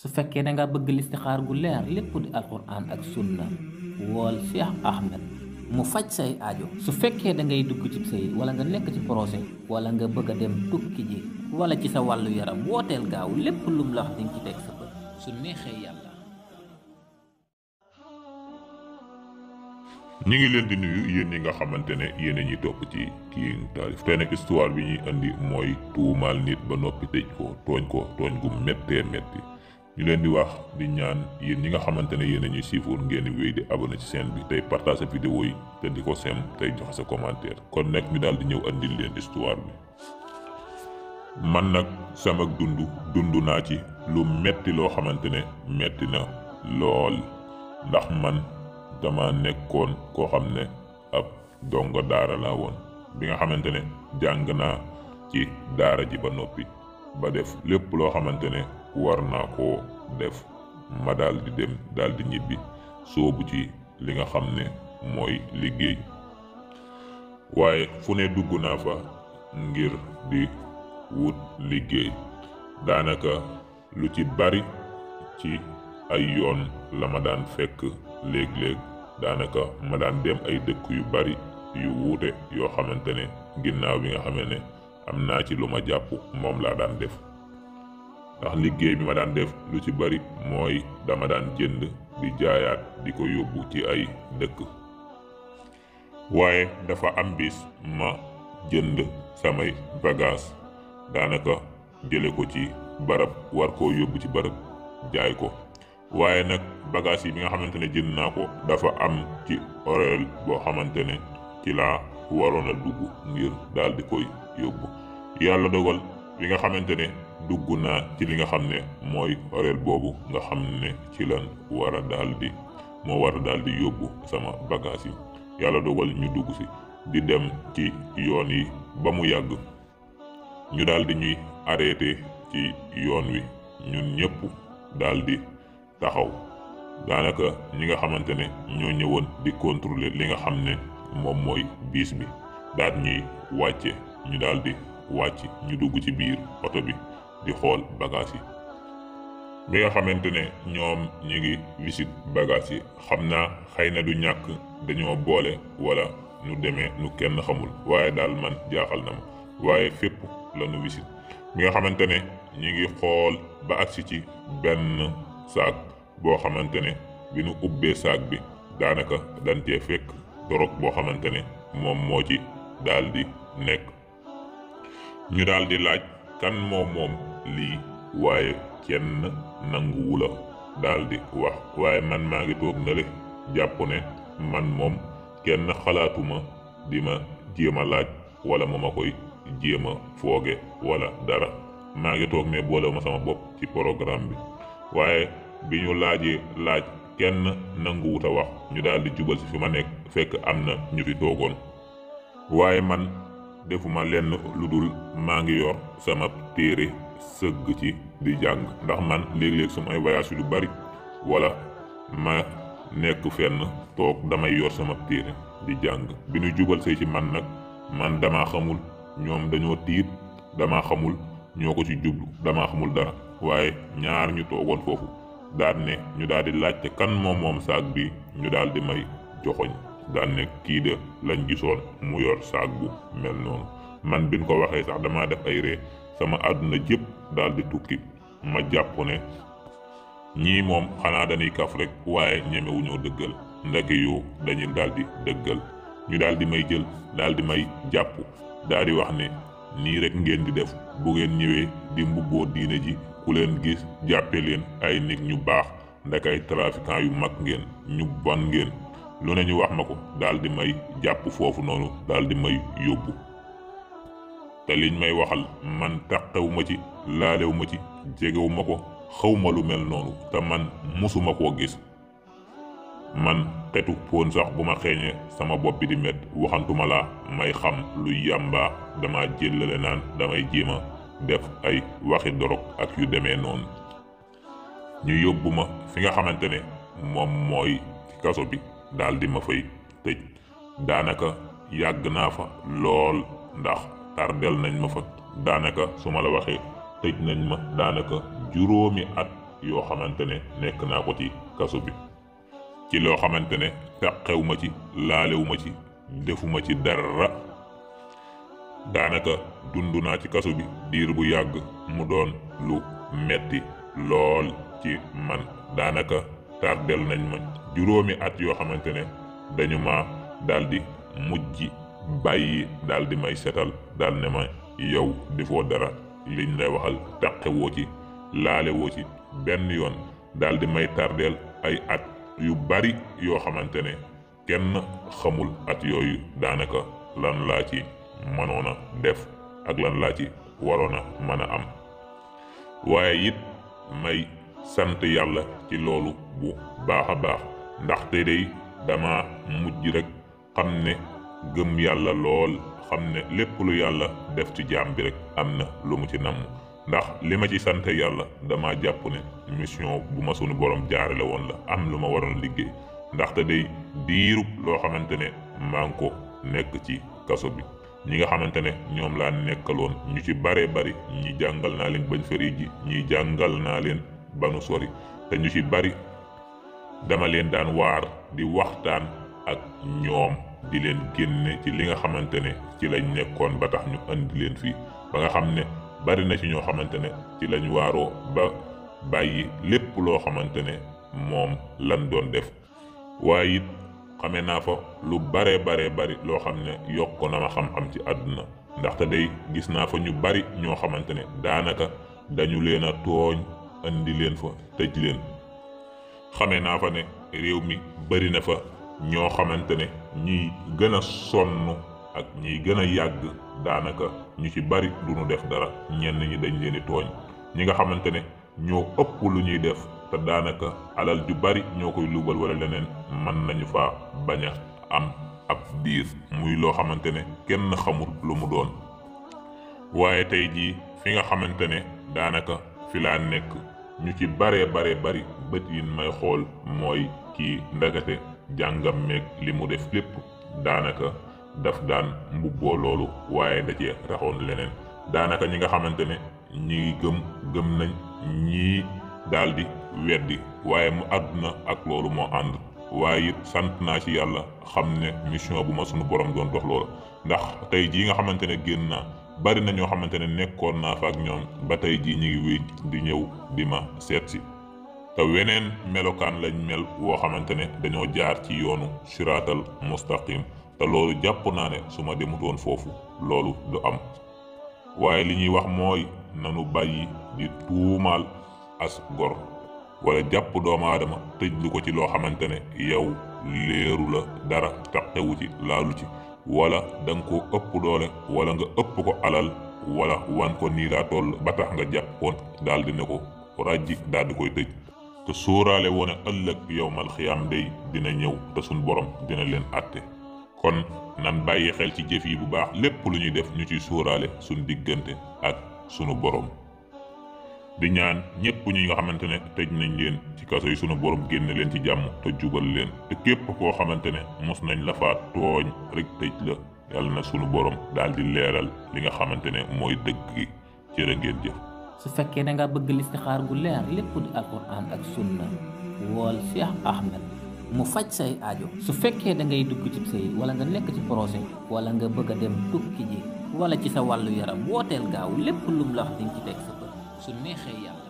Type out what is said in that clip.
su fekkee da nga bëgg listixaar gu leer lépp di alquran ak sunna wool Cheikh Ahmed mu faj say aajo su fekkee da ngay dugg ci sëy wala nga nekk ci projet wala nga bëgg a dem tukki ji wala ci sa wàllu yaram wooteel gaaw lépp lum la wax di ci teg sa bët su neexee yàlla. ñu ngi leen di nuyu yéen yi nga xamante ne yéen a ñuy topp ci King Taalif tey nag histoire bi ñuy indi mooy tuumaal nit ba noppi tëj ko tooñ ko tooñ gu méttee métti. ñu leen di wax di ñaan yéen ñi nga xamante ne yéen a ñuy siifoon ngeen wéy di abonné ci seen bi tey partage vidéo yi te di ko sem tey joxe sa commentaire kon nekk ñu daal di ñëw andil leen histoire bi. man nag sama dund dund naa ci lu metti loo xamante ne metti na lool ndax man dama nekkoon koo xam ne ab dongo daara laa woon bi nga xamante ne jàng naa ci daara ji ba noppi ba def lépp loo xamante ne war naa koo def ma daal di dem daal ñibbi soobu ci li nga xam ne mooy liggéey waaye fu ne dugg naa fa ngir di wut liggéey daanaka lu ci bari ci ay yoon la ma daan fekk léeg-léeg daanaka ma daan dem ay dëkk yu bari yu wuute yoo xamante ne ginnaaw bi nga xamee ne am naa ci lu ma jàpp moom laa daan def ndax liggéey bi ma daan def lu ci bari mooy dama daan jënd di jaayaat di ko yóbbu ci ay dëkk waaye dafa am bis ma jënd samay bagage daanaka jële ko ci barab war koo yóbbu ci barab jaay ko waaye nag bagage yi bi nga xamante ne jënd naa ko dafa am ci horaire boo xamante ne ci laa dugg ngir daal koy yóbbu yàlla dogal bi nga xamante ne dugg naa ci li nga xam ne mooy horaire boobu nga xam ne ci lan war a daal moo war a daal yóbbu sama bagage yi yàlla dogal ñu dugg si di dem ci yoon yi ba mu yàgg ñu daal di ñuy arrêté ci yoon wi ñun ñëpp daal di taxaw daanaka ñi nga xamante ne ñoo ñëwoon di contrôler li nga xam ne moom mooy biis bi daal ñuy wàcce ñu daal di wàcc ñu dugg ci biir oto bi di xool bagages yi bi nga xamante ne ñoom ñu ngi visite bagages yi xam naa xëy na du ñàkk dañoo boole walla nu deme nu kenn xamul waaye daal man jaaxal na ma waaye fépp la nu visite bi nga xamante ne ñu ngi xool ba agsi ci benn saag boo xamante ne bi nu ubbee saag bi daanaka dañ cee fekk dorog boo xamante ne moom moo ci daal di nekk ñu daal di laaj kan moom moom lii waaye kenn nanguwula daldi wax waaye man maa ngi toog nale jàpp ne man moom kenn xalaatuma di ma jéem a laaj wala ma ma koy jéem a fooge wala dara maa ngi toog ne boole ma sama bopp ci programme bi waaye bi ñu laajee laaj kenn nanguwuta wax ñu daldi jubal si fi ma nekk fekk am na ñu fi toogoon waaye man defuma lenn lu dul maa ngi yor sama téere sëgg ci di jàng ndax man léeg-léeg sama ay voyage lu bari wala ma nekk fenn toog damay yor sama téere di jàng bi ñu jubal see ci man nag man dama xamul ñoom dañoo tiit dama xamul ñoo ko ci jublu dama xamul dara waaye ñaar ñu toogoon foofu daan ñu daal di laajte kan moom moom saag bi ñu daal di may joxoñ daan kii de lañ gisoon mu yor saag bu mel noonu man bin ko waxee sax damaa def ay ree sama àdduna jëpp daal di tukki ma jàpp ne ñii moom xanaa dañuy kaf rekk waaye ñemewuñoo dëggal ndeke yoo dañu daal di dëggal ñu daal di may jël daal di may jàpp daal di wax ne nii rek ngeen di def bu ngeen ñëwee di mbubboo diine ji ku leen gis jàppe leen ay nit ñu baax ndek ay trafiquant yu mag ngeen ñu bon ngeen lu ne ñu wax ma ko daal di may jàpp foofu noonu daal di may yóbbu te liñ may waxal man taqewu ma ci laalewu ma ci jegewu ko xawma lu mel noonu te man mosuma koo gis man xetu poon sax bu ma xeeñee sama bopp bi di met waxantuma laa may xam lu yàmbaa dama jëllale naan damay jéema def ay waxi dorog ak yu demee noonu ñu yóbbu fi nga xamante ne moom mooy ci kaso bi daal ma fay tëj daanaka yàgg naa fa lool ndax tardel nañ ma fa daanaka su ma la waxee tëj nañ ma daanaka juróomi at yoo xamante ne nekk naa ko ci kasu bi ci loo xamante ne taqewu ma ci laalewuma ci defuma ci dara daanaka dund naa ci kasu bi diir bu yàgg mu doon lu metti lool ci man daanaka tardel nañ ma juróomi at yoo xamante ne dañu ma daldi mujj bàyyi daal di may setal daal ne yow defoo dara liñ lay waxal taqe woo ci laale woo ci benn yoon daal may tardeel ay at yu bari yoo xamante ne kenn xamul at yooyu daanaka lan laa ci mënoon def ak lan laa ci waroon a a am waaye it may sant yàlla ci loolu bu baax a baax ndaxte dama mujj rek xam ne gëm yàlla lool xam ne lépp lu yàlla def ci jaam bi rek am na lu mu ci namm ndax li ma ci sant yàlla dama jàpp ne mission bu ma sunu borom jaarale woon la am lu ma waroon liggéey ndaxte day diirub loo xamante ne maa ko nekk ci kaso bi ñi nga xamante ne ñoom laa nekkaloon ñu ci bare bari ñi jàngal naa leen bañ fari ji ñi jàngal naa leen banu sori te ñu ci bari dama leen daan waar di waxtaan ak ñoom di leen génne ci li nga xamante ne ci lañ nekkoon ba tax ñu andi leen fii ba nga xam ne bari na ci ñoo xamante ne ci lañ waaroo ba bàyyi lépp loo xamante ne moom lan doon def waaye it xame naa fa lu bare bare bari loo xam ne yokk na ma xam-xam ci àdduna ndaxte day gis naa fa ñu bari ñoo xamante ne daanaka dañu leen a tooñ andi leen fa tëj leen xame naa fa ne réew mi bari na fa ñoo xamante ne ñiy gën a sonn ak ñiy gën a yàgg daanaka ñu ci bari du ñu def dara ñenn ñi dañ leen di tooñ ñi nga xamante ne ñoo ëpp lu ñuy def te daanaka alal ju bari ñoo koy luubal wala leneen man nañu fa bañ am ab diir muy loo xamante ne kenn xamul lu mu doon waaye tey jii fi nga xamante ne daanaka fi laa nekk ñu ci baree baree bari bët yi may xool mooy kii ndagate jàngam meeg li mu def lépp daanaka daf daan mbubboo loolu waaye da cee raxoon leneen daanaka ñi nga xamante ne ñi gëm gëm nañ ñii daal di weddi waaye mu àdduna ak loolu moo ànd waaye it sant naa ci yàlla xam ne mission bu ma sunu borom doon dox loola ndax tey jii nga xamante ne génn naa bari na ñoo xamante ne nekkoon naa fa ak ñoom ba tey jii ñu ngi wéy di ñëw di ma seet te weneen melokaan lañ mel woo xamante ne dañoo jaar ci yoonu siraatal mustaqim te loolu jàpp naa ne su ma demutoon foofu loolu du am waaye li ñuy wax mooy nanu bàyyi di tuumaal as gor wala jàpp doomu aadama tëj lu ko ci loo xamante ne yow léeru la dara taqewu ci laalu ci wala da nga ko ëpp doole wala nga ëpp ko alal wala wan ko nii laa ba tax nga jàpp koon daal di ne ko ràjji daal di koy tëj te sóoraale woon a ëllëg yowmal xiyaam day dina ñëw te suñ borom dina leen àtte kon nan bàyyi xel ci jëf yi bu baax lépp lu ñuy def ñu ci suuraale suñ diggante ak sunu borom. di ñaan ñëpp ñi nga xamante ne tëj nañ leen ci kaso yi sunu borom génne leen ci jàmm te jubal leen te képp koo xamante ne mos nañ la fa tooñ rek tëj la yàlla na sunu borom daal di leeral li nga xamante ne mooy dëgg gi jërë ngeen jëf. su fekkee da nga bëgg listixaar gu leer lépp di alquran ak sunna wool Cheikh Ahmed mu faj say aajo su fekkee da ngay dugg ci sëy wala nga nekk ci projet wala nga bëgg a dem tukki ji wala ci sa wàllu yaram wooteel gaaw lépp lum la di nga ci teg sa bët su neexee yàlla